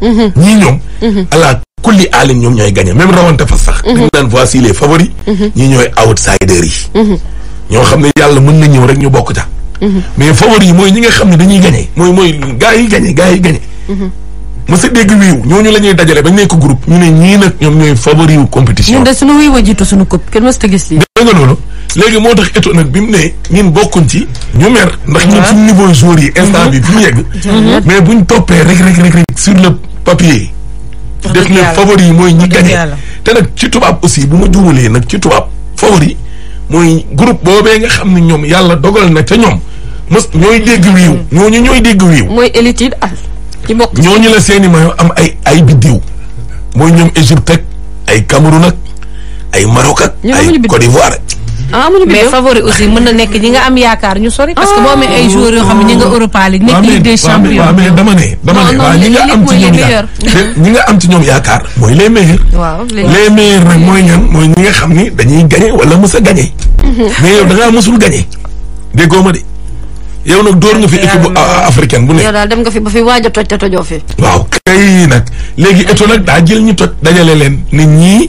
ñii ñoom. Mm-hmm. ala kulli aalin ñoom ñooy gagné même rawante fa sax. dañu mm-hmm. naan voici les favoris. Mm-hmm. ñii ñooy outsiders yi. ñoo xam ne yàlla mën na ñëw rek ñu bokk ca. mais favori mooy ñi nga xam ne dañuy gagné mooy mooy gars yi gagné gars yi gagné. mos a dégg wiiw ñooñu la ñuy dajale bañ nekk groupe ñu ne ñii nag ñoom ñooy favori wu compétition. ñun de wiiw a jiitu sunu coupe kenn mës gis lii. dégg nga loolu. léegi moo tax Eto'o nag bi mu nee ñun bokkuñ ci ñu mer ndax ñu suñu niveau joueur yi instant bi fi yegg mais buñ toppee rek rek rek rek sur le papier def ne favori yi mooy ñi gagné te nag ci tubaab aussi bu ma juumalee nag ci tubaab favori mooy groupe boobee nga xam ne ñoom yàlla dogal na ca ñoom mës ñooy dégg wiiw ñooñu ñooy dégg wiiw mooy élite yi ah ci bokk ñooñu la seeni mayo am ay ay biddiw mooy ñoom Égypte ak ay Cameroun ak ay Maroc ak ay Côte d'Ivoire Ah, amuñu mais favori aussi mën na nekk ñi nga am yaakaar ñu sori. parce que ah. boo amee ay joueurs yoo xam ne ñi nga Europa League nga am ci ñoom yaakaar ñi nga am ci mooy les meilleurs. waaw les nag mooy ñan mooy ñi nga xam ni dañuy gagné wala mës a gagné. Mhm. mais yow da ngaa mësul gagné déggoo ma de. yow nag door nga fi équipe bu africaine bu ne. daal dem nga fi ba fi waaj a toj te tojoo fi. waaw kay nag léegi Eto nag daa jël ñu toj dajale leen nit ñi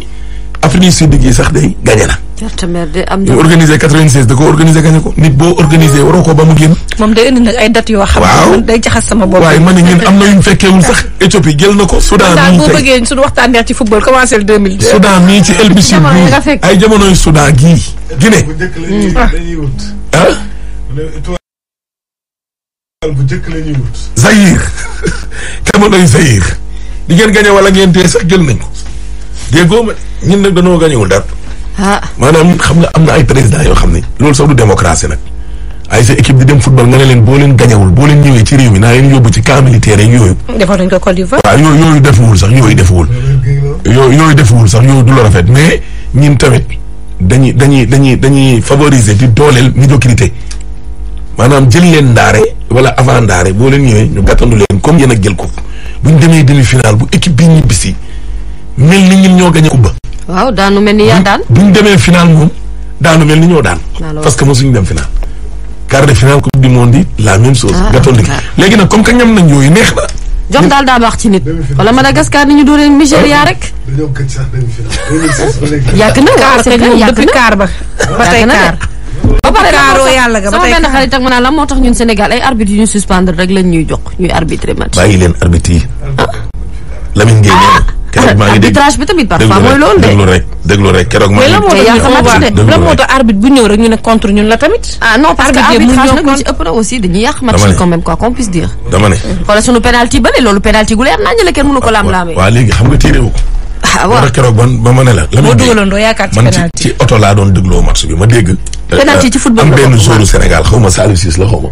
Afrique du Sud gi sax day gagné na. perte mère de am na. organisé 96 da ko organisé gañe ko nit boo organisé waroo ko ba mu génn. moom day indi nag ay dates yoo xam ne man day jaxas sama bopp. waaye man ñun na yu ñu fekkeewul sax Éthiopie jël na ko. Soudan mii boo bëggee suñu waxtaanee ci football commencé le 2000. Soudan mii ci El Bichir bii ay jamonoy Soudan gii. Guinée ah. bu njëkk la ñuy wut. Ah. Ah? Zaïre jamonoy Zaïre di ngeen gañe wala ngeen tee sax jël nañ ko déggoo ma ñun nag danoo gañewul dara. Ah. maanaam xam nga am na ay président yoo xam ne loolu sax du démocratie nag ay sa équipe di dem football nga ne leen boo leen gañawul boo leen ñëwee ci réew mi naa leen yóbbu ci camp militaire yeeg yooyu. Mm, defoon nañ ko Côte d'Ivoire. waaw yooyu yooyu defuwul sax yooyu defuwul. sax yooyu du la rafet mais ñun tamit dañuy dañuy dañuy dañuy favoriser di dooleel médiocrité maanaam jël leen ndaare wala avant ndaare boo leen ñëwee ñu gàttandu leen comme yéen a jël ko bu ñu demee demi final bu équipe bi ñibbisi mel ni ñun ñoo gañ a kubba. waaw hmm? daanu mel ni ñoo daan. parce que mosuñu dem final. quart de finale coupe du monde yi la même chose. ah léegi nag comme que ñam nañ yooyu neex na. jox daal daa baax ci nit. wala Madagascar ni ñu dóoree Nigéria ah, rek. dañoo gëj sax demi final. yàgg na waaw c'est vrai yàgg na kaar ba tey kaar. ba pare kaaroo ba tey sama benn xarit ak ma naan la moo tax ñun Sénégal ay arbitres yu ñu suspendre rek lañ ñuy jox ñuy arbitrer match. bàyyi leen arbitre yi. Ah, Lamine keroog maa ngi dégg arbitrage bi tamit parfois mooy loolu de déglu rek déglu rek keroog maa ngi. la moo tax arbitre bu ñëw rek ñu ne contre ñun la tamit. yaakaar ci penalty ci oto laa doon dégloo match bi ma dégg. penalty euh, ci football euh, am benn joueur Sénégal xaw ma Salif Ciss la xaw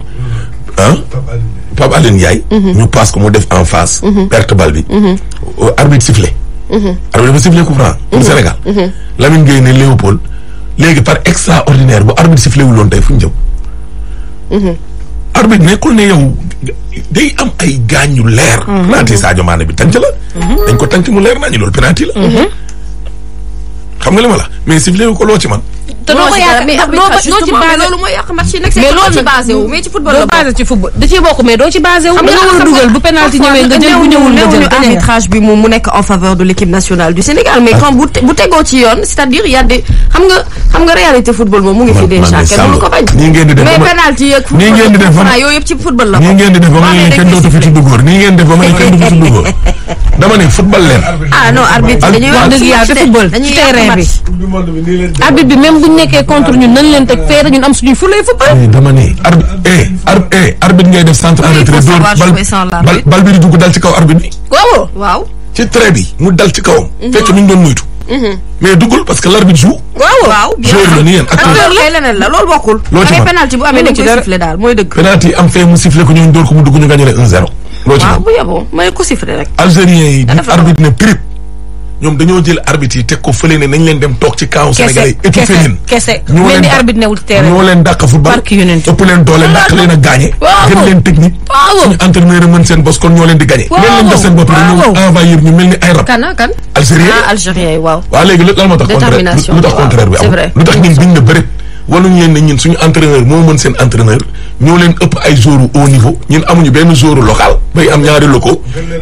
Pape Alioune Ndiaye. Mhm. ñu passe ko mu def en face. Mhm. perte bal bi. Mhm. Euh, arbitre sifflé. arbitre ba sifflé coup franc. pour Sénégal. Lamine Gueye ne Léopold léegi par extraordinaire bu arbitre sifflé wul woon tey fu ñu jëm. arbitre ne yow day am ay gaañ yu leer. penalty Sadio Mané bi tànc la. dañ ko tànc mu leer naa ñu loolu la. xam nga li ma la mais sifflé wu ko loo ci man. te doo ko yaakaar ci basé loolu mooy yàq match yi ci basé wu mais ci football la bokk ci football da ciy bokk mais doo ci basé wu. xam nga da arbitrage bi moom mu nekk en faveur de l' nationale du Sénégal mais ah. quand bu tegoo ci yoon c' est à dire y nga réalité football moom mu ngi fi déjà kenn mënu ko bañ. nii ngeen di def mais penalty yeeg football yooyu yëpp ci football la bokk. nii ngeen di def ba mu ne nii ngeen def ba may kenn du fi tudd ko bi. arbitre bi même bu ñu nekkee contre ñun nañ leen teg feere ñun am suñuy fu lay football. Eh, dama ne eh, eh, arbitre eh ngay def centre en retrait dóor bal bal bi di dal ci kaw arbitre bi. waaw ci trait mu dal ci kawam. Mhm. fekk mhm. la ni yéen acteur la loolu bokkul. loo ci mën penalty bu amee dañ koy siffler fee ko ñooñu dóor ko mu dugg ñu gagné 1-0. loo ci waaw bu yeboo may ko siffler rek. algérien yi ñu arbitre ne prip yi ne leen dem toog ci kaaw Sénégal yi étouffé leen kese ñoo leen arbitre newul terrain ñoo leen dàq leen a gaañe gën leen technique suñu entraîneur mën seen leen di gaañe leen leen def seen bopp dañoo envahir ñu mel ni ay rab ah, algérien ah, waaw waaw léegi lan contraire lu tax contraire bi am lu tax ñun wanuñ leen ne ñun suñu entraîneur moo mën seen entraîneur ñoo leen ëpp ay joueurs au niveau ñun amuñu benn joueur local bay am ñaari locaux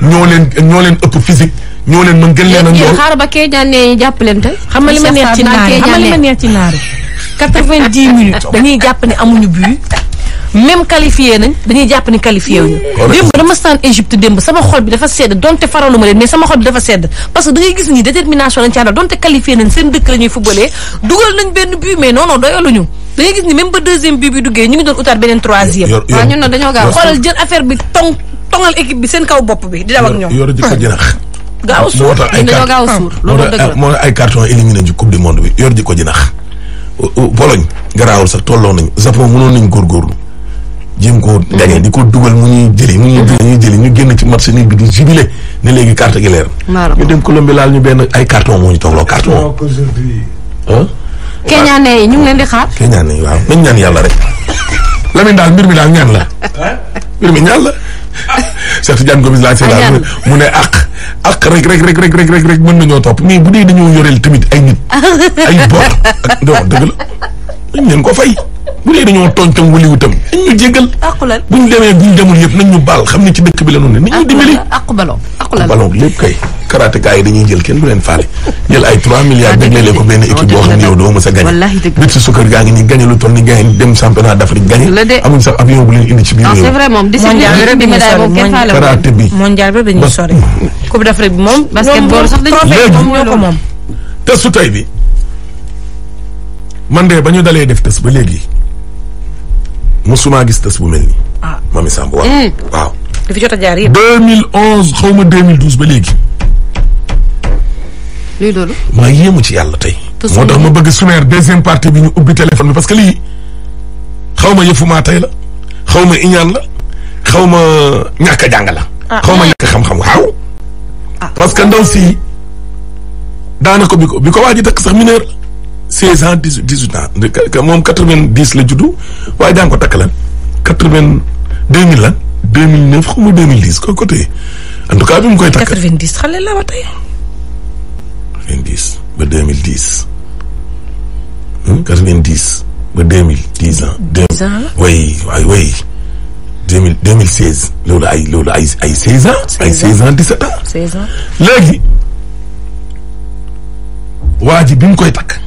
ñoo leen ñoo leen ëpp physique ñoo leen mën gën leen a ñool xaar ba Kéña nee jàppalante xam nga li ma xam nga li ma neex ci naari quatre-vingt-dix minutes dañuy jàpp ne amuñu but même qualifié nañ dañuy jàpp ni qualifié wuñu démb dama saan Égypte démb sama xol bi dafa sedd donte faralu ma leen mais sama xol bi dafa sedd parce que da gis ni détermination lañ ci àndal donte qualifié nañ seen dëkk la ñuy footballé dugal nañ benn but mais non non doyaluñu da ngay gis ni même ba deuxième bi duggee ñu ngi doon utaat beneen troisième waaw ñun bi tong tongal équipe bi seen kaw bopp bi di daw ak ñoom yor jikko jinax gaaw suur dañoo gaaw suur loolu dëgg la ay carton éliminé nañ ci coupe du jinax Pologne garaawul sax tolloo nañ Japon mënoon jéem koo gañe di ko dugal mu ñuy jëli mu ñuy jëli ñu génn ci match nii bi di jubilé ne léegi carte gi leer ñu dem Colombie laal ñu benn ay carton moo ñu toogloo carton keñaane yi ñu ngi leen di xaar keñaane yi waaw nañ ñaan yàlla rek Lamine daal mbir mi daal ñaan la mbir mi ñaan la Cheikh Tidiane Gomis mu ne ak ak rek rek rek rek rek rek rek mën nañoo topp mais bu dee dañoo yoreel tamit ay nit ay bor dëgg la dañ leen ko fay bu dee dañoo tooñ tam waliwu tam nañ ñu bu ñu demee bu ñu demul yëpp nañ ñu baal xam ne ci dëkk bi la ñu ne nañ ñu dimbali aqu ballon aqulal ballon lépp kay karaté gars yi dañuy jël kenn bu leen faale jël ay 3 milliards déglee ko benn équipe boo xam ne yow doo mës a gagné bit si sukkar gaa ngi ni gagné lu toll ni gars yi dem championnat d'Afrique gagné amuñ sax avion bu leen indi ci biir karaté bi mondial bi dañuy sori coupe d'Afrique bi moom basketball testu tey bi man de ba ñu dalee def test ba léegi ma gis tës bu mel nii. ah Mamy Samb waaw. Eh. waaw. li fi jot a jaar yëpp. 2011 xaw ma 2012 ba ci yàlla tey. moo tax ma bëgg sumeer deuxième partie bi ñu ubbi téléphone bi parce que lii xaw ma yëfumaa tey la xaw ma iñaan la. xaw ma ñàkk a jàng ah, ma eh. ñàkk xam-xam waaw. Ah. parce que ndaw si daanaka ko bi ko waa ji takk sax seize ans dix huit ans moom quatre vingt dix la juddu waaye daan ko takk lan quatre vingt deux mille lan deux mille neuf xaw ko côté en cas bi mu koy takk quatre vingt dix xale la ba tey quatre vingt dix ba deux mille dix hmm? quatre vingt dix ba deux mille dix ans dix ans la way waay way seize loolu ay loolu ay seize ans ay seize ans dix sept léegi waa ji bi mu koy takk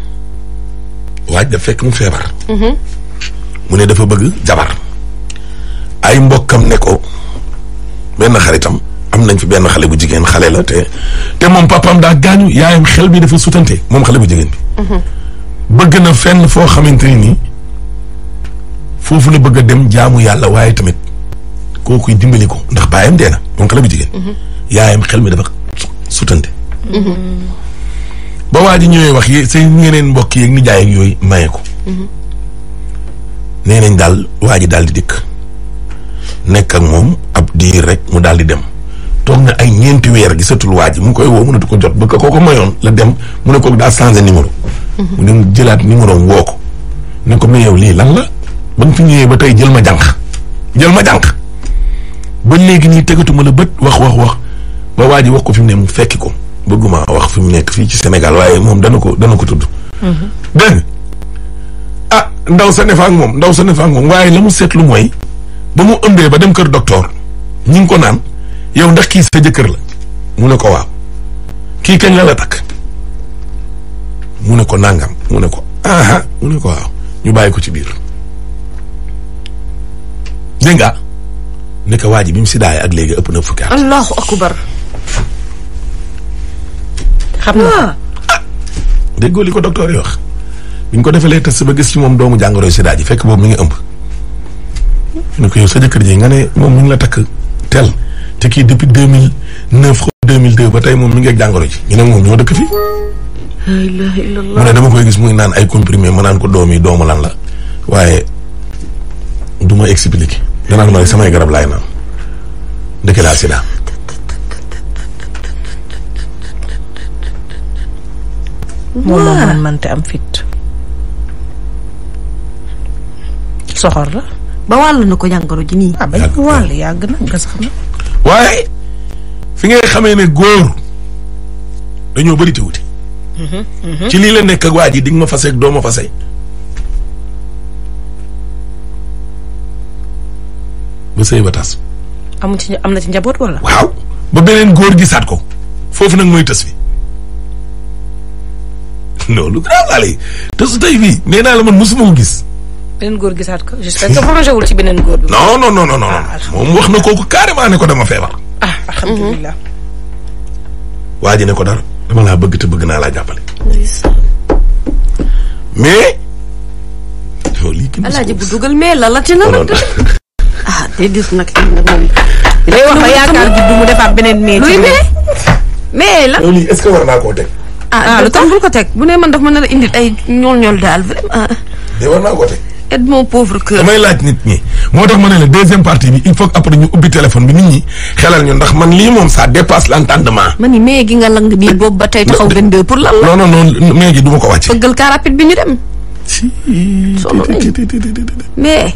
waaj daf fekk mu feebar. mu ne dafa bëgg jabar. ay mbokkam ne ko benn xaritam am nañ fi benn xale bu jigéen xale la te te moom papam daa gaañu yaayam xel bi dafa sutante moom xale jigéen bi. bëgg na fenn foo xamante ne nii bëgg a dem jaamu yàlla waaye tamit kookuy dimbali ko ndax baayam dee moom xale jigéen. yaayam xel mi dafa sutante. ba waa ji ñëwee wax yéen say ñeneen mbokk yeeg nijaay ak yooyu maye ko. Mhm. nee nañ daal waa ji daal di dikk nekk moom ab diir rek mu daal di dem toog na ay ñeenti weer gisatul waa ji mu koy woo mënatu ko jot ba ko ko mayoon la dem mu ne ko daa changé numéro. Mhm. mu dem jëlaat numéro am woo ko ne ko mais yow lii lan la ba nga fi ñëwee ba tey jël ma jànq jël ma jànq ba léegi nii tegatuma la bët wax wax wax ba waa ji wax ko fi mu ne mu fekki ko. bëgguma wax fi mu nekk fii ci Sénégal waaye moom dana ko dana ko tudd. Mhm. dégg ah ndaw sa ne fa moom ndaw sa ne fa moom waaye la mu seetlu mooy ba mu ëmbee ba dem kër docteur ñi ngi ko naan yow ndax kii sa jëkkër la mu ne ko waaw kii kañ la la takk mu ne ko nangam mu ne ko aha mu ne ko waaw ñu bàyyi ko ci biir dégg nga ne ko waa ji bi mu si daay ak léegi ëpp na fukki at. xam na ah. déggoo li ko docteur yi wax. bi ñu ko defalee sa ba gis ci moom doomu jàngoro sida ji fekk boobu mu ngi ëmb. ñu ne ko yow sa jëkkër ji nga ne moom mi la takk teel te kii depuis deux mille neuf ou deux mille deux ba tey moom mi ngi ak jàngoro ji ñu ne ñoo dëkk fii. mu ne dama koy gis muy naan ay comprimé ma naan ko doom yi doomu lan la waaye du ma expliqué. danaan ma ne samay garab laay naan ndeke laa sida. moom man mënta am fit soxor la ba wàllu na ko jàngoro ji nii ah, wàll yàgg na nga sax na waaye fi ngay xamee ne góor dañoo bëri te wuti mhm, mhm. ci lii la nekk ak waa ji ma fase ak doo ma fase ba sëy ba tas amu ci am na ci njaboot wala waaw ba beneen góor gi gisaat ko foofu nag mooy tas fi non lu grave laa lay te su tey bii nee naa la man mosuma ko gis. beneen góor gisaat ko j'espère que projet wul ci beneen góor bi. non non non non non ah, moom wax na kooku carrément ne ko dama feebar. ah alhamdulilah. Mhm. waa ji ne ko dara dama laa bëgg te bëgg naa laa jàppale. mais. yow lii kenn alaaji bu dugal mais lalati na ah, nag. ah te dis nag xam nga moom. day wax ba yaakaar juddu mu defaat beneen mais. luy mais mais lan. yow lii est-ce que war naa koo teg. Ah, ah lu bul ko teg bu ne man daf man na a indil ay ñool-ñool daal vraiment. mais war naa ko teg. aide mon pauvre cœur. damay laaj nit ñi moo tax ma ne la deuxième partie bi il faut que après ñu téléphone bi nit ñi xelal ñu ndax man lii moom ça dépasse l'entendement. ma ni mais gi nga lang nii boobu ba tey taxaw 22 pour lan la. non non non mais gi du ma ko wàcc. fëggal car rapide bi ñu dem. sonn nañu mais.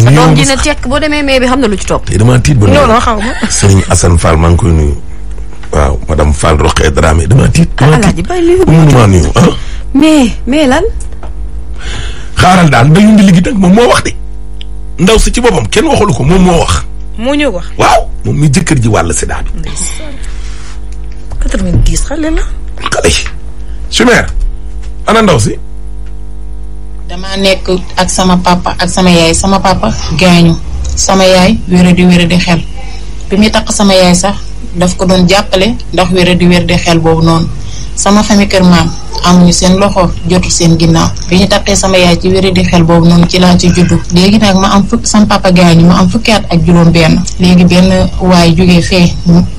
sa doom ji na tekk boo demee mais bi xam na lu ci topp. te damaa tiit ba. non non xaw ma. Serigne Assane Fall maa ngi koy nuyu. waaw madame Fall Roqe Dramé dama tiit. dama tiit mënuma nuyu ah. mais mais lan. xaaral daal ndeyum di liggéey nag moom moo wax de ndaw si ci boppam kenn waxalu ko moom moo wax. moo ñëw wax waaw moom mi jëkkër ji wàll sida daal 90 xale la. xale yi. Chimère ana ndaw si. dama nekk ak sama papa ak sama yaay sama papa gaañu sama yaay wéradi wéradi xel bi muy takk sama yaay sax. daf ko doon jàppale ndax wér di wér di xel boobu noonu sama famille kër maam ñu seen loxo jotu seen ginnaaw bi ñu takkee sama yaay ci wéri di xel boobu noonu ci laa ci juddu léegi nag ma am fukk sama papa gaañu ma am fukki ak juróom benn léegi benn waaye jógee fee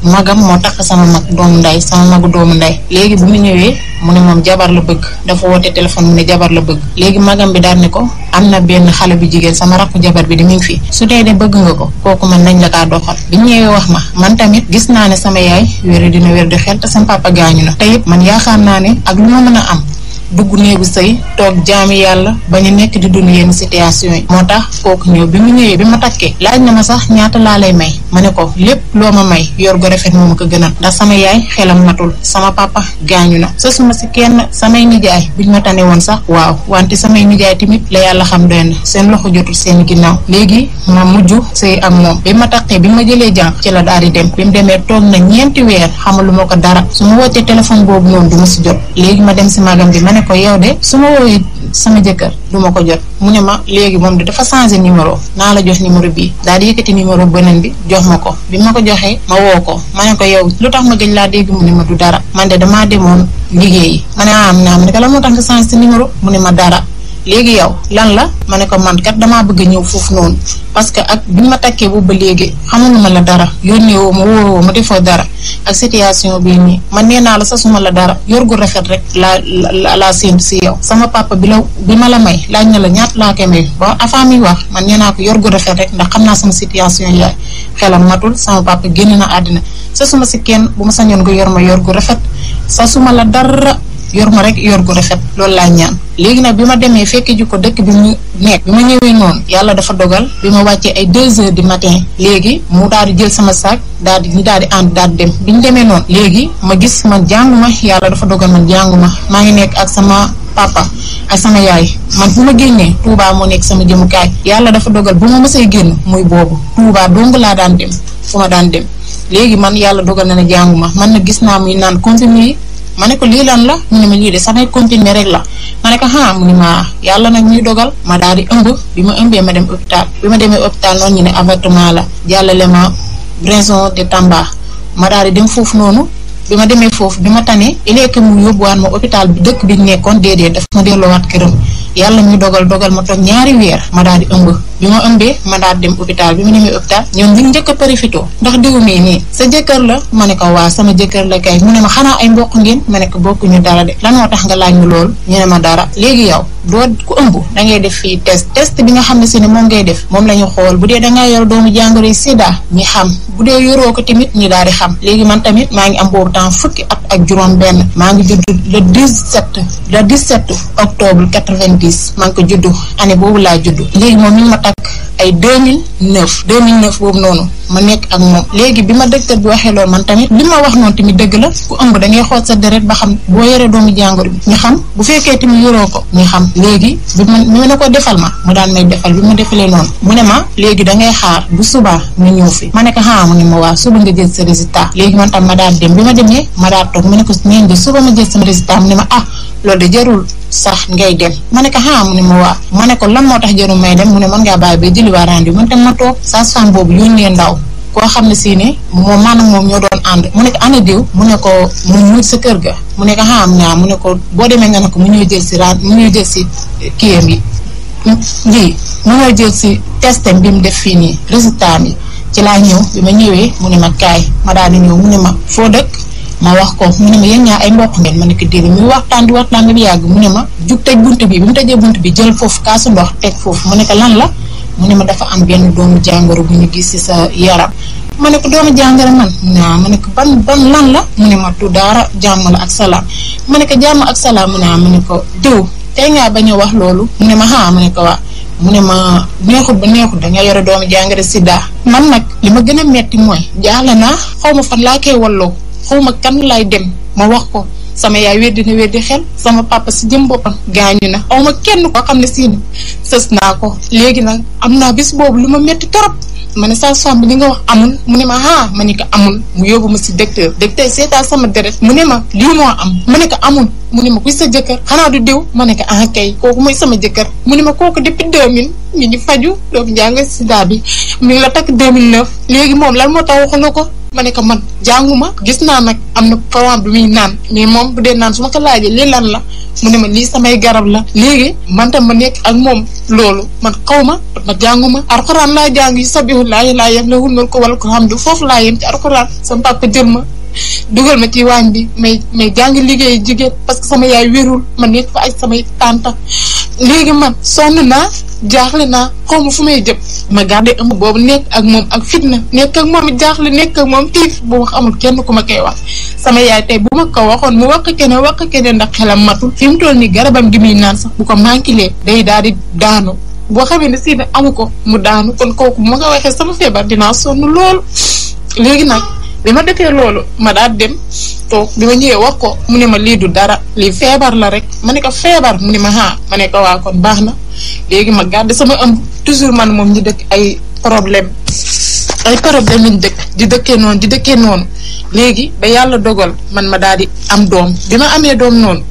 magam moo takk sama mag doomu ndey sama magu doomu ndey léegi bu mu ñëwee mu ne moom jabar la bëgg dafa woote téléphone mu ne jabar la bëgg léegi magam bi daal ne ko am na benn xale bu jigéen sama rakku jabar bi di mi ngi fi su dee bëgg nga kooku man nañ la kaa doxal bi ñëwee wax ma man tamit gis naa ne sama yaay wéri dina wér di xel te sama papa gaañu na te yëpp man yaakaar naa ne ak lu ma a am dugg néegu sëy toog jaamu yàlla ba ñu nekk di dund yenn situation yi moo tax kooku ñëw bi mu ñëwee bi ma takkee laaj na ma sax ñaata laa lay may ma ne ko lépp loo ma may yor go rafet moom ma ko gënal ndax sama yaay xelam matul sama papa gaañu na sosuma si kenn samay nijaay buñ ma tane woon sax waaw wante samay nijaay tamit la yàlla xam doy na seen loxo jotul seen ginnaaw léegi ma mujj sëy ak moom bi ma takkee bi ma jëlee jànq ci la daal di dem bi mu demee toog na ñeenti weer ma ko dara su ma wootee téléphone boobu noonu du ma si jot ne ko yow de su ma woowee sama jëkkër du ma ko jot mu ne ma léegi moom de dafa changé numéro naa la jox numéro bii daal di yëkkati numéro beneen bi jox ma ko bi ma ko joxee ma woo ko ma ne ko yow lu tax ma gëj laa dégg mu ne ma du dara man de damaa demoon liggéeyi ma ne ah am naa ma ne ko la tax nga changé sa numéro mu ne ma dara. léegi yow lan la ma ne ko man kat damaa bëgg ñëw foofu noonu parce que ak bi ma takkee bu ba léegi xamaluma la dara yónnee woo ma wóoroo ma defoo dara ak situation nii man nee naa la sasuma la dara yor rafet rek laa laa séntu si yow. sama papa bi bi ma la may laaj na la ñaat laa koy may ba avant muy wax man nee naa ko yor gu rafet rek ndax xam naa sama situation yaay xelam matul sama papa génn na àddina sa suma si kenn bu ma sañoon nga yor ma yor gu rafet sasuma la dara. yor ma rek yor gu rafet loolu laa ñaan léegi nag bi ma demee fekk ji ko dëkk bi mu nekk bi ma ñëwee noonu yàlla dafa dogal bi ma wàccee ay deux heures di matin léegi mu daal di jël sama sac daal di daal di ànd daal di dem bi ñu demee noonu léegi ma gis man jànguma yàlla dafa dogal man jànguma maa ngi nekk ak sama papa ak sama yaay man bu ma génnee Touba moo nekk sama jëmukaay yàlla dafa dogal bu ma mësee génn muy boobu Touba laa daan dem fu ma daan dem léegi man yàlla dogal na ne jànguma man na gis naa muy naan continuer ma ne ko lii lan la mu ne ma lii de samay continuer rek la ma ne ko ah mu ne ma yàlla nag ñuy dogal ma daal di ëmb bi ma ëmbee ma dem hôpital bi ma demee hôpital noonu ñu ne avortement la jàllale ma raison de Tamba ma daal di dem foofu noonu bi ma demee foofu bi ma tanee ileeke mu yóbbuwaat ma hôpital bi dëkk bi ñu nekkoon déedéet daf ma delloowaat këram yàlla ñu dogal dogal ma toog ñaari weer ma daal di ëmb. bi ma ëmbee ma daal dem hôpital bi ma demee hôpital ñoom ñu njëkk a profité ndax diw mii nii sa jëkkër la ma ne ko waa sama jëkkër la kay mu ne ma xanaa ay mbokk ngeen ma ne ko bokkuñu dara de lan moo tax nga laaj ñu loolu ñu ne ma dara léegi yow doo ku ëmb da ngay def fii test test bi nga xam ne si ne moom ngay def moom la ñu xool bu dee da yor doomu jàngoro yi sida ñi xam bu dee yoroo ko tamit ñu daal di xam léegi man tamit maa ngi am boobu temps fukki at ak juróom-benn maa ngi judd le 17 le 17 octobre 90 maa ngi ko judd année boobu laa judd ak ay 2009 2009 boobu noonu ma nekk ak moom léegi bi ma docteur bi waxee loolu man tamit li ma wax noonu tamit dëgg la ku ëmb da ngay xool sa deret ba xam boo yoree doomu jàngoro bi ñu xam bu fekkee tamit yoroo ko ñu xam léegi bi ma bi ma ne ko defal ma mu daan may defal bi ma defalee noonu mu ne ma léegi da ngay xaar bu subaa nga ñëw fi ma ne ko xaa ah, mu ne ma waa suba nga jël sa résultat léegi man tam ma daan dem bi ma demee ma daan toog mu ne ko neen de suba ma jël loolu de jarul sax ngay dem ma ne ko ah mu ne ma waa ma ne ko lan moo tax jarul may dem mu ne man ngaa bàyyi ba julli waa rendu man tam ma toog sage-femme boobu yónnee ndaw koo xam ne si ne moom maanaam moom ñoo doon ànd mu ne ko ana diw mu ne ko sa kër ga mu ne ko ah am naa mu ne ko boo demee nga ne ko mu ñëw jël si ra mu ñëw jël si kiyam yi lii mu ñëw jël si testam bi def fii nii résultat mi ci laa ñëw bi ma ñëwee mu ne ma kaay ma daal di ñëw mu ne ma foo dëkk ma wax ko mu ne ma yéen ñaa ay mbokk ngeen ma ne ko déedéet muy waxtaan di waxtaan ma jug tëj bunt bi bi mu tëjee bi jël foofu kaasu ndox teg foofu mu ne ko lan la ma dafa am benn doomu jàngoro bu ñu gis ci sa yaram. ma ne ko doomu jàngoro man naa ma ne ko ban ban lan la mu ne ma daara jàmm la ak salaam ma ne ko jàmm ak salaam mu ne ma ne ko diw tey ngaa bañ wax loolu mu ne ma ah ma ne ko waa mu ne ma neexut ba neexut da nga yore doomu jàngoro sida man nag li ma gën a metti mooy jaaxle naa xaw ma fan laa koy walloo. xaw ma kan lay dem ma wax ko sama yaay weddi na weddi xel sama papa si jëm boppam gaañu na xaw ma kenn koo xam ne sii sës naa ko léegi nag am naa bis boobu lu ma métti torop ma ne saa soxna bi nga wax amul mu ne ma ah ma ne ko amul mu yóbbu ma si docteur docteur seetaa sama deret mu ne ma lii moo am ma ne ko amul mu ne ma kuy sa jëkkër xanaa du diw ma ne ko ah kooku mooy sama jëkkër mu ne ma kooku depuis 2000 ñu ngi faju doomu njàng sida bi mi ngi la takk 2009 léegi moom lan moo tax waxu la ko. ma ne ko man jànguma gis naa nag am na programme bi muy naan mais moom bu dee naan su ma ko laajee li lan la mu ne ma lii samay garab la léegi man tam ma nekk ak moom loolu man xaw ma ma jànguma alxuraan laa jàng yi sabihu laahi laa yem la hunnal ko wala ko xam du foofu laa yem ci alxuraan sama papa jël ma dugal ma ci waañ bi may may jàng liggéey jigéen parce que sama yaay wérul ma nekk fa ay samay tànta léegi man sonn naa jaaxle naa xaw ma fu may jëm ma gardé ëmb boobu nekk ak moom ak fitna nekk ak moom jaaxle nekk ak moom tiif bu wax amul kenn ku ma koy wax sama yaay tey bu ma ko waxoon mu wax keneen wax keneen ndax xelam matul fi mu toll nii garabam gi muy naan sax bu ko manqué day daal di daanu boo xamee ne si ne amu ko mu daanu kon kooku bu ma ko waxee sama feebar dinaa sonn lool léegi nag. bi ma defee loolu ma daal dem to bi ma ñëwee wax ko mu ne ma lii du dara lii feebar la rek ma ne ko feebar mu ne ma ah ma ne ko waa kon baax na léegi ma gàdd sama am toujours man moom ñu dëkk ay problème ay problème lañ dëkk di dëkkee noonu di dëkkee noonu léegi ba yàlla dogal man ma daal di am doom bi ma amee doom noonu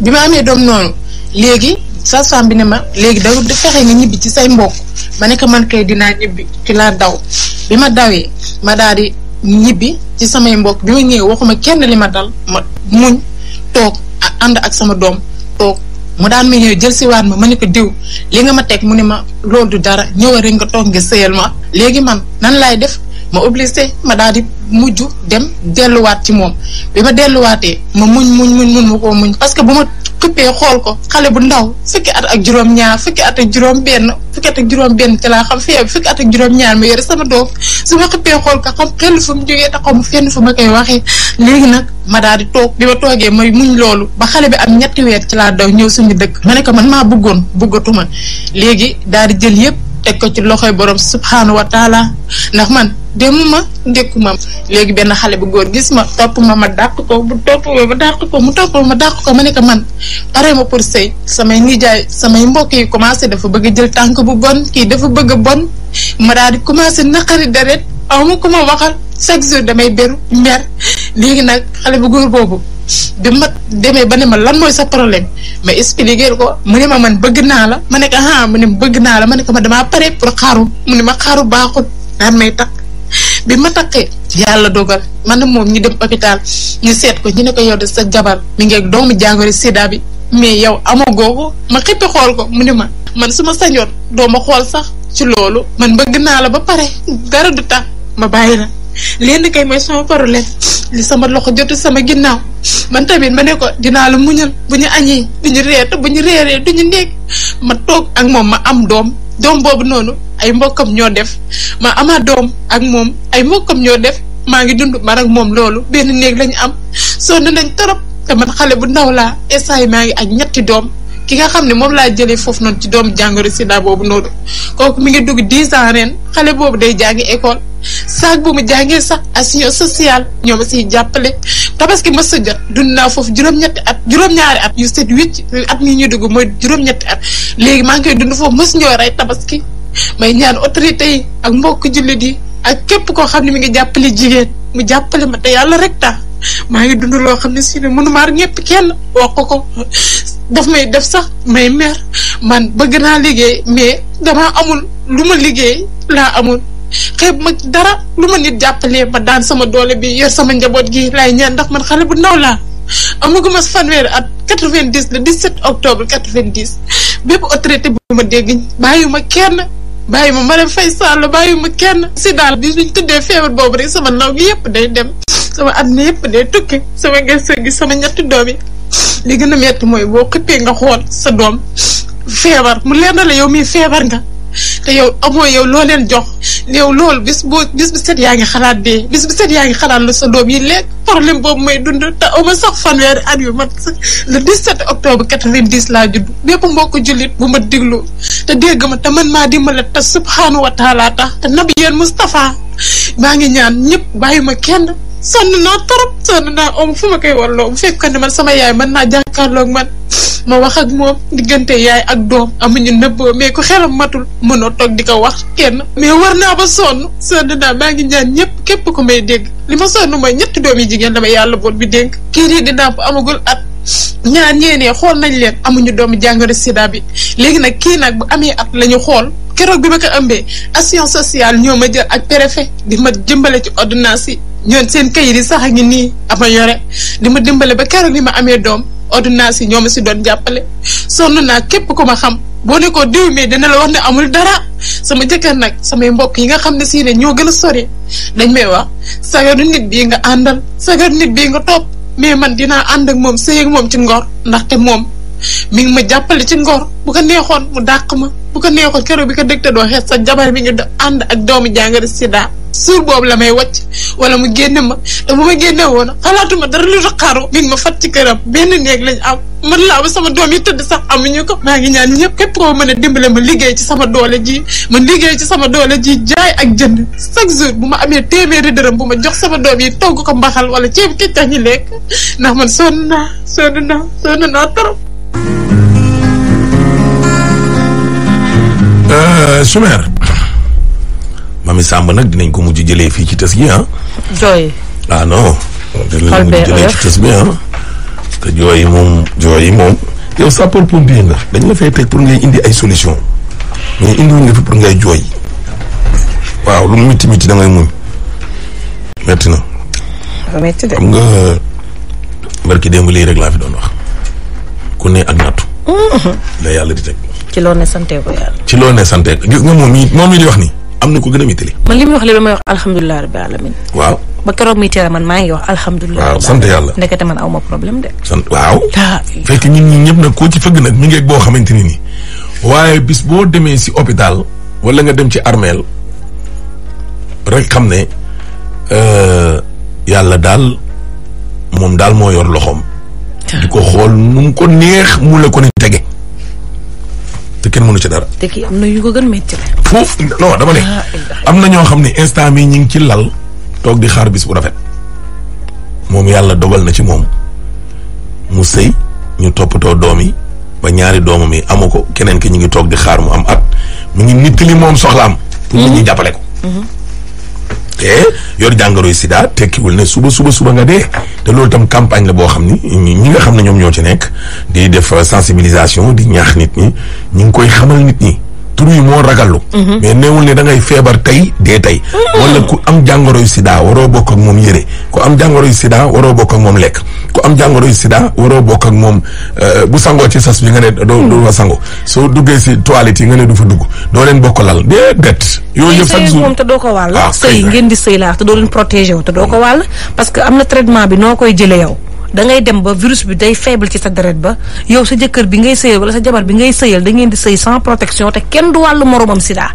bi ma amee doom noonu léegi sage-femme bi ne ma léegi da di fexe nga ñibbi ci say mbokk ma ne ko man kay dinaa ñibbi ci laa daw bi ma dawee ma daal di ñibbi ci samay mbokk bi ma ñëwee waxuma kenn li ma dal ma muñ toog ànd ak sama doom toog mu daan ma jël si waat ma ma ne ko diw li nga ma teg mu ne ma loolu du dara ñëw rek nga toog nga sëyal ma léegi man nan laay def ma obligé ma daal di mujj dem delluwaat ci moom bi ma delluwaatee ma muñ muñ muñ muñ ma koo muñ parce que bu ma tuppee xool ko xale bu ndaw fukki at ak juróom-ñaar fukki at ak juróom-benn fukki at ak juróom-benn te laa xam feeb fukki at ak juróom-ñaar ma yore sama doom su ma xëppee xool ko xam xel fu mu jógee te xaw ma fenn fu ma koy waxee léegi nag ma daal toog bi ma toogee may muñ loolu ba xale bi am ñetti weer ci laa daw ñëw suñu dëkk ma ne ko man maa bëggoon bëggatuma léegi daal di jël yëpp teg ko ci loxoy borom subhaanahu wa taala ndax man démb ma dékku ma léegi benn xale bu góor gis ma topp ma ma dàq ko bu topp ma ko mu topp ma ma dàq ko ma ne ko man pare ma pour sëy samay nijaay samay mbokk yi commencé dafa bëgg a jël tànk bu bon kii dafa bëgg a bon ma daal di commencé naqari deret aw ma ku ma waxal chaque jour damay beru mer léegi nag xale bu góor boobu bi ma demee ba ne ma lan mooy sa problème ma expliquer ko mu ne ma man bëgg naa la ma nekk ko ah mu ne ma bëgg naa la ma ne ko ma damaa pare pour xaaru mu ne ma xaaru baaxul daan may takk bi ma takkee yàlla dogal man na moom ñu dem hôpital ñu seet ko ñu ne ko yow de sa jabar mi ngi ak doomu jàngoro sida bi mais yow amagoo googu ma xippi xool ko mu ne ma man su ma sañoon doo ma xool sax ci loolu man bëgg naa la ba pare dara du tax ma bàyyi na lenn kay mooy sama problème li sama loxo jotu sama ginnaaw man tamit ma ne ko dinaa la muñal bu ñu añee du ñu reer te bu ñu reeree du ñu nekk ma toog ak moom ma am doom doom boobu noonu ay mbokkam ñoo def ma amaat doom ak moom ay mbokkam ñoo def maa ngi dund man ak moom loolu benn néeg lañu am sonn nañ torop te man xale bu ndaw laa instant yi maa ngi ak ñetti doom. ki nga xam ne moom laa jëlee foofu noonu ci doomu jàngoro a boobu noonu kooku mi ngi dugg dix ans ren xale boobu day jàngi école saak bu mu jàngee sax action sociale ñoo ma siy jàppale tabaski mës a jot dund naa foofu juróom-ñetti at juróom-ñaari at yu set huit at mi ñu dugg mooy juróom at léegi maa ngi koy dund foofu mës rey tabaski may ñaan autorité yi ak mbokk jullit yi ak képp koo xam ne mi ngi jàppale jigéen mu jàppale ma te yàlla rek tax maa ngi dund loo xam ne si ne maar ñëpp kenn wax ko ko daf may def sax may mer man bëgg naa liggéey mais dama amul lu ma liggéey laa amul xeeb ma dara lu ma nit jàppalee ma daan sama doole bi yor sama njaboot gi laay ñaan ndax man xale bu ndaw laa amaguma fanweeri at quatre-vingt-dix le dix-sept octobre quatre-vingt-dix bépp autorité bu ma dégg bàyyiwuma kenn bàyyiwuma ma dem fay sàll bàyyiwuma kenn si daal bi suñ tuddee feebar boobu rek sama ndaw gi yëpp day dem sama àdduna yëpp dee tukki sama gëstu gi sama ñetti doom yi li gën a metti mooy boo xëppee nga xool sa doom feebar mu leer na la yow mii feebar nga te yow amoo yow loo leen jox yow loolu bis boo bis bu set yaa ngi xalaat dee bis set yaa ngi xalaat la sa doom yi léegi problème boobu may dund te aw ma sax fanweeri at yu mat le 17 octobre 90 laa judd bépp mbokk jullit bu ma diglu te dégg ma te man maa dimbale te subhaanahu wa taala tax te nabiyeen Moustapha maa ngi ñaan ñépp bàyyi ma kenn. sonn naa trop sonn naa om fu ma koy warloo bu fekkoon ne man sama yaay mën naa jàkkaarloog man ma wax ak moom diggante yaay ak doom amuñu nëbboo mais ko xelam matul mënoo toog di ko wax kenn. mais war naa ba sonn sonn naa maa ngi ñaan ñëpp képp ku may dégg li ma sonn mooy ñetti doom yi jigéen dama yàlla boon bi dénk kii di dina amagul at. ñaar ñeenee xool nañ leen amuñu doomu jàngoro sida bi léegi nag kii nag bu amee at lañu ñu xool keroog bi ma ko ëmbee assurance sociale ñoo ma jël ak préfet di mat jëmbale ci ordonnance yi. ñoon seen kayit yi sax a ngi nii ama yore di ma dimbale ba keroog li ma amee doom ordonnance yi ñoo ma si doon jàppale sonn naa képp ku ma xam boo ne ko mais dina la wax ne amul dara sama jëkkër nag samay mbokk yi nga xam ne si ne ñoo gën a sori dañ may wax sagaru nit bii nga àndal sagaru nit bii nga topp mais man dinaa ànd ak moom sëy ak moom ci ngor ndaxte moom mi ngi ma jàppale ci ngor bu neexoon mu dàq ma bu ko neexoon keroog bi ko dëgte doo xeet sa jabar bi nga ànd ak doomu jàngari sida suur boobu la may wàcc wala mu génne ma te ma génne woon xalaatuma dara lu raqaaroo mi ngi ma fat ci këram benn néeg lañ am man laa ba sama doom yi tëdd sax am ñu ko maa ngi ñaan ñëpp képp koo mën a dimbale ma liggéey ci sama doole ji ma liggéey ci sama doole ji jaay ak jënd chaque bu ma amee téeméeri dërëm bu ma jox sama doom yi togg ko mbaxal wala ceeb ki tax ñi lekk ndax man sonn naa sonn naa sonn naa trop. Euh, Soumer. mami Samb nag dinañ ko mujj jëlee fii ci tës gi ah. jooy. ah non. dinañ mujj jëlee ci tës ah. moom jooy moom. yow dañ la fay teg pour ngay indi ay solution mais indi wuñ nga fi pour ngay jooy. waaw lu mu miti miti da ngay muñ. metti na. de. xam nga barki démb lii rek laa fi doon wax. ku ne ak nattu. Mm-hmm. la yàlla di teg. ci loo ne sante ci loo ne sante gis nga moom mii moom mii di wax nii. am na ko gën a métti. man li muy wax lépp damay wax alhamdulilah rabbil alamin. waaw ba keroog muy teel a man maa ngi wax alhamdulilah. waaw sant yàlla ndekete man aw ma problème de. sant waaw. fekk ñun ñi ñëpp nag koo ci fëgg nag mi ngeeg boo xamante ne nii. waaye bis boo demee si hôpital wala nga dem ci armeel rek xam ne euh, yàlla daal moom daal moo yor loxoom. di ko xool nu mu ko neex mu la ko ne te kenn mënu ci dara. am na yu ko gën métti la. foofu non dama ne. Ah, am na ñoo xam ne instant mii ñu ngi ci lal toog di xaar bis bu rafet. moom yàlla dogal na ci moom mu sëy ñu toppatoo doom yi ba ñaari doomam yi amu ko keneen ki ñu ngi toog di xaar mu am at mu ngi nittali moom soxlaam. pour nit ñi mm-hmm. jàppale ko. Mm-hmm. te yor jàngoroy sida tekkiwul ne suba suba suba nga dee te loolu itam campagne la boo xam ni ñi nga xam ne ñoom ñoo ci nekk di def sensibilisation di ñaax nit ñi ñu ngi koy xamal nit ñi tur yi moo ragallu mhm. mais néewul ne da ngay feebar tey dee tey mhm. wala ku am jàngoroy sida waroo bokk ak moom yére ku am jàngoroy sida waroo bokk ak moom lekk ku am jàngoroy sida waroo bokk ak moom euh, bu sangoo ci sas bi nga ne doo doo mhm. fa sango soo duggee si toilette nga ne du fa dugg doo leen bokk lal déedéet yooyu moom te doo ko wàll ah, sëy ngeen di sëy laa te doo leen protégé wu te doo ko wàll parce que am na traitement bi noo koy jële yow da ngay dem ba virus bi day faible ci sa deret ba yow sa jëkkër bi ngay sëyal wala sa jabar bi ngay sëyal da ngeen di sëy sans protection te kenn du wàllu moromam sida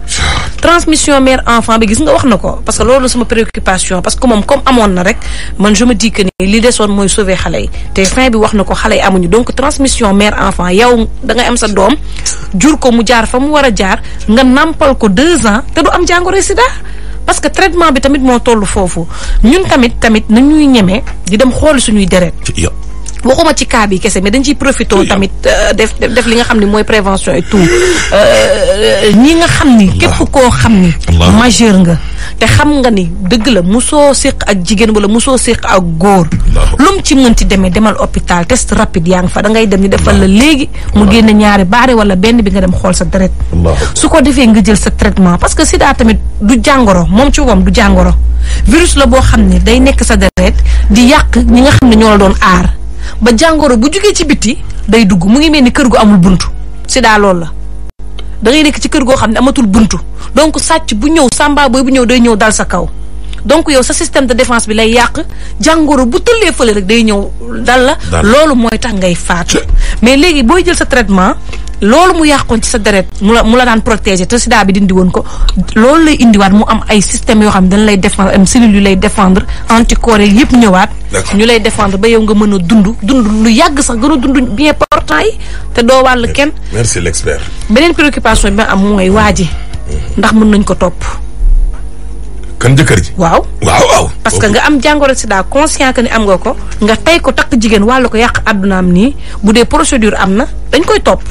transmission mère enfant bi gis nga wax na ko parce que loolu sama préoccupation parce que moom comme amoon na rek man je me dis li desoon mooy sauver xale yi te fin bi wax na ko xale yi amuñu donc transmission mère enfant yow da ngay am sa doom jur ko mu jaar fa mu war a jaar nga nàmpal ko deux ans te du am jàngoro sida parce que traitement bi tamit moo toll foofu ñun tamit tamit nañuy ñeme di dem xool suñuy deret waxuma ci cas bi kese mais dañ ciy profité tamit euh, def def li nga xam ne mooy prévention et tout euh, ñi nga xam ni képp koo xam ni majeur nga te xam nga ni dëgg la musoo séq ak jigéen wala musoo séq ak góor lum ci mënti demee demal hôpital test rapide yaa ngi fa dangay dem ni defal la léegi mu génne ñaari baare wala benn bi nga dem xool sa deret su ko defee nga jël sa traitement parce que sida tamit du jàngoro moom ci wam du jàngoro virus la boo xam ne day nekk sa deret di yàq ñi nga xam ne ñoo doon aar ba jàngoro bu jugee ci bitti day dugg mu ngi mel ni kër gu amul buntu sida lool la da ngay nekk ci kër goo xam ne amatul buntu donc sàcc bu ñëw sàmba bu ñëw day ñëw dal sa kaw donc yow sa système de défense bi lay yàq jàngoro bu tëllee fële rek day ñëw dal la loolu mooy tax ngay faatu mais léegi booy jël sa traitement loolu mu yàqoon ci sa deret mu la mu la daan protéger te sida bi dindi woon ko loolu lay indiwaat mu am ay système yoo xam ne dañ lay défendre am cellules yu lay défendre anticorps yi yëpp ñëwaat ñu lay défendre ba yow nga mën a dund dund lu yàgg sax gën a dund bien portant yi te doo wàll kenn merci beneen préoccupation bi ma am mooy waa ji mhm. ndax mën nañ ko topp kan jëkkër ji waaw waaw waaw parce que nga am jàngoro sida conscient que ni am nga ko nga tey ko takk jigéen wàllu ko yàq àddunaam nii bu dee procédure am na dañ koy topp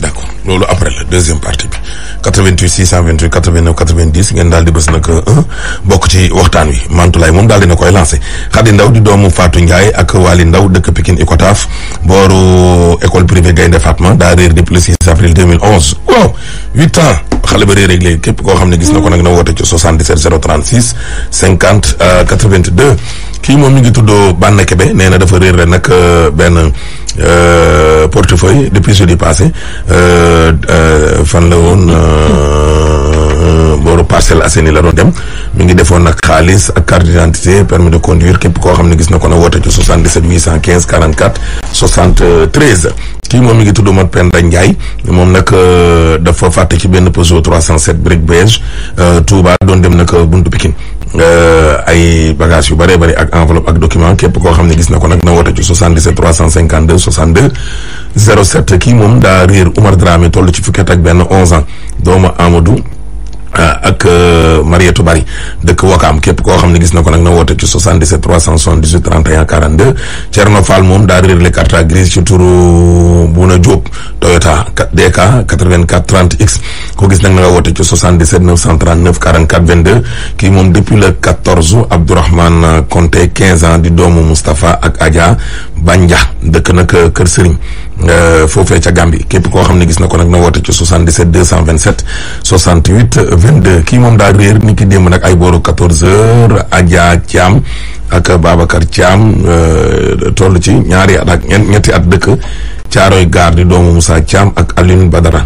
d' loolu après la deuxième partie bi 88 628 89 90 ngeen daal di bës nag un bokk ci waxtaan wi Mantoulaye moom daal dina koy lancé Khady Ndaw di doomu Fatou Ndiaye ak Waly Ndaw dëkk Pikine Icotaf booru école privée Gaynde Fatma daa réer depuis le 6 avril 2011 waaw huit ans xale ba réer rek léegi képp koo xam ne gis na ko nag na woote ci 77 036 50 82 kii moom mi ngi tuddoo Banna Kebe nee na dafa réer rek nag euh, benn euh, portefeuille depuis jeudi passé. Euh, Euh, euh, fan la woon euh, booru Parcelles Assainies la doon dem mu ngi defoon nag xaalis ak carte d'identité permis de conduire képp koo xam ne gis na ko na woote ci 77 815 44 73 kii moom mi ngi tudd Modou Penda Ndiaye moom nag euh, dafa fàtte ci benn Peugeot 307 brick beige euh, Touba doon dem nag euh, buntu Pikine ay bagages yu bëree bëri ak enveloppe ak document képp koo xam ne gis na ko nag na woote ci 77 352 62 07 kii moom daa réer Oumar Dramé toll ci fukki at ak benn 11 ans doomu Amadou. Ah, ak euh, Mariétou Bari dëkk Wakaam képp koo xam ne gis na ko nag na woote ci 77 378 31 42 Thierno Fall moom daa réer les carte grise ci turu Bouna Diop Toyota 4DK 84 30X ko gis nag na nga woote ci 77 939 44 22 kii moom depuis le 14 Abdourahmane Conté 15 di doomu Moustapha ak Adja Bandia dëkk nag euh, Kër Serigne euh, foofee ca Gambie képp koo xam ne gis na ko nag na woote ci 77 227 68 22 kii moom daa réer ni ki démb nag ay booru 14 heures Adja Thiam ak Babacar Thiam euh, toll ci ñaari at ak ñetti at dëkk Caaroy Gaar di doomu Moussa Thiam ak Aline Badara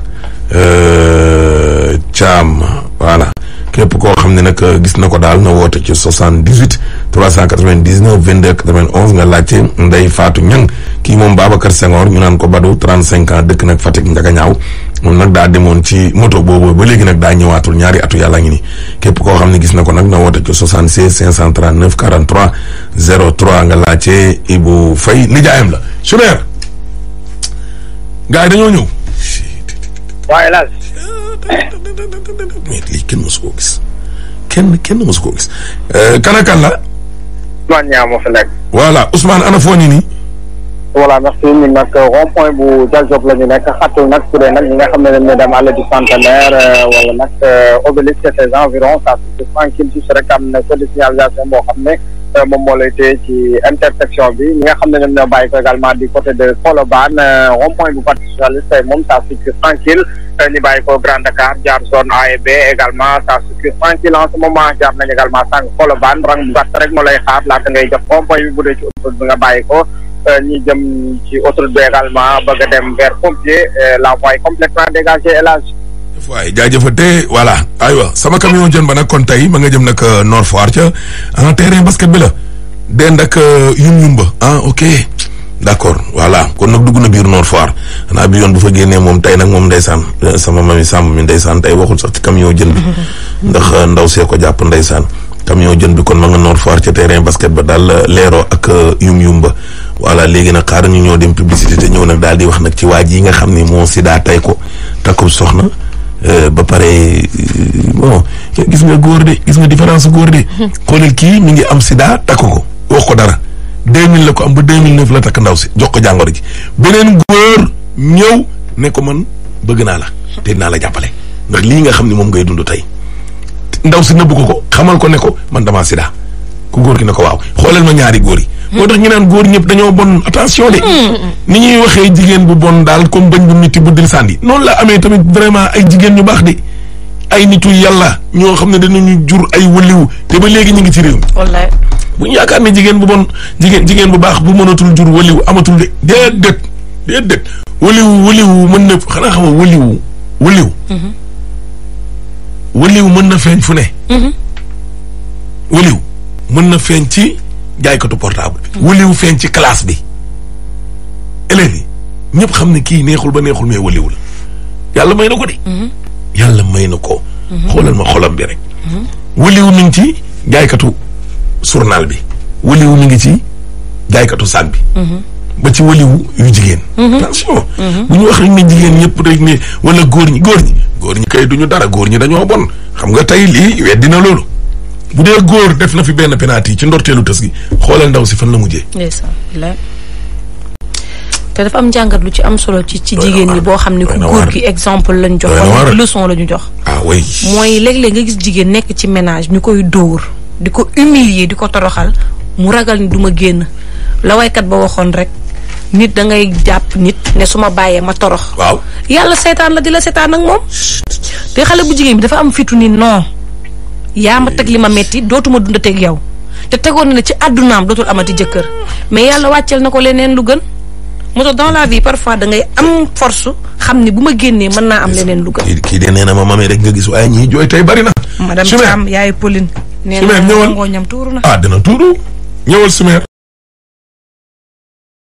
euh, Thiam voilà. képp koo xam ne nag euh, gis na ko daal na woote ci 78 399 22 91 nga laajte Ndeye Fatou Niang kii moom Babacar Senghor ñu naan ko Badou 35 ans dëkk nag Fatick Njagañaaw moom nag daa demoon ci moto booboo ba léegi nag daa ñëwaatul ñaari atu yàlla ngi ni képp koo xam ne gis na ko nag na woote ci 76 539 43 03 nga laajte Ibou Faye nijaayam la. Soulère gars yi dañoo ñëw. waaye laaj. mais lii euh, la. Ousmane Niang moo fi nekk. voilà Ousmane ana foo ni nii. voilà merci ñun nag rond point bu Dial Diop la ñu nekk xatul nag su dee nag ñi nga xam ne dañ ne dem allée du centenaire euh, wala nag euh, obélisque et ses environs ça se tranquille juste rek na fa de signalisation boo xam ne. moom moo lay téye ci intersection bi ñi nga xam ne ñoom ñoo bàyyi ko également du côté de Colobane euh, rond point bu parti socialiste moom ça circule tranquille ñu bàyyi ko Grand Dakar jaar zone A et B également ça circule tranquille en ce moment jaar nañ également sànq Colobane rang bu rek moo lay xaar laata ngay jot rond point bi bu dee ci autoroute bi nga bàyyi ko euh, ñi jëm ci autoroute bi également bëgg dem vers pompier euh, la voie complètement dégagée élage waaye jaajëfate voilà aywa sama camion jën ba nag kon tey ma nga jëm nag euh, Nord Foire ca ah terrain basket bi la dend ak euh, yum yum ba ah ok d' accord voilà nag dugg na biir Nord Foire xanaa bi yoon bu fa moom tey nag moom ndeysaan euh, sama mami sàmm mi ndeysaan tey waxul sax ci camion jën bi ndax ndaw see ko jàpp ndeysaan camion jën kon ma nga Nord Foire ca terrain ba daal leero ak ba voilà léegi nag xaar ñu ñoo dem publicité te nag daal di wax nag ci waa nga xam ni moo si daa tey ko takkub soxna Euh, ba pare euh, bon gis nga góor de gis nga différence góor de. xoolal kii mi ngi am sida takk ko wax ko dara 2000 la ko am ba 2009 la takk ndaw si jox ko jàngoro ji beneen góor ñëw ne ko man bëgg naa la te dinaa la jàppale ndax lii nga xam ne moom ngay dund tey ndaw si nëbb ko ko xamal ko ne ko man damaa sida. ku góor gi ne ko waaw xoolal ma ñaari góor yi. moo tax ñu naan góor ñëpp dañoo bon attention de. Hmm. ni ñuy waxee jigéen bu bon daal comme bañ bu mitti bu dil sànni noonu la amee tamit vraiment ay jigéen ñu baax de ay nitu yàlla ñoo xam ne danañu jur ay wëliw te ba léegi ñu ngi ci réew mi. wallaay bu ñu yaakaar ne jigéen bu bon jigéen jigéen bu baax bu mënatul jur wëliw amatul de déedéet déedéet wëliw wëliw mën na xanaa xam nga wëliw wëliw. Mm-hmm. wëliw mën na feeñ fu ne. Mm-hmm. wëliw. mën na feeñ ci jaaykatu portable bi. wëliw ci classe bi élèves yi xam ne kii neexul ba neexul mais wëliw la yàlla may na ko de. Mhm. yàlla may na ko. Mhm. xoolal ma bi rek. wëliw mi ci jaaykatu journal bi. wëliw mi ngi ci jaaykatu saag bi. Mhm. ba ci wëliwu yu jigéen. attention. bu ñu wax rek ne jigéen ñëpp rek ne wala góor ñi góor ñi. kay du ñu dara góor ñi dañoo bon xam nga tey lii weddi na loolu. bu dee góor def na fi benn penalty ci ndorteelu tës gi xoolal ndaw si fan la mujjee. te dafa am jàngat lu ci am solo ci ci jigéen ñi boo xam ne ku góor gi exemple lañ jox wala leçon la ñu jox ah, mooy léeg-léeg nga gis jigéen nekk ci ménage ñu koy dóor di ko humilier di ko toroxal mu ragal ni du ma génn la waykat ba waxoon rek nit dangay jàpp nit ne su ma bàyyee ma torox waaw yàlla seetaan la di la seetaan ak moom te xale bu jigéen bi dafa am fitu ni non yaa ma teg li ma metti dootuma dundateeg yow te tegoon na ci àddunaam dootul amati jëkkër mais yàlla wàcceel na ko leneen lu gën moo tax dans la vie parfois da ngay am force xam ni bu ma génnee mën naa am leneen lu gën. kii de nee na ma mamee rek nga gis waaye ñii jooy tey bari na. madame Thiam yaay Pauline. nee na ngooñam tuuru na ah dina tuuru ñëwal Sumer.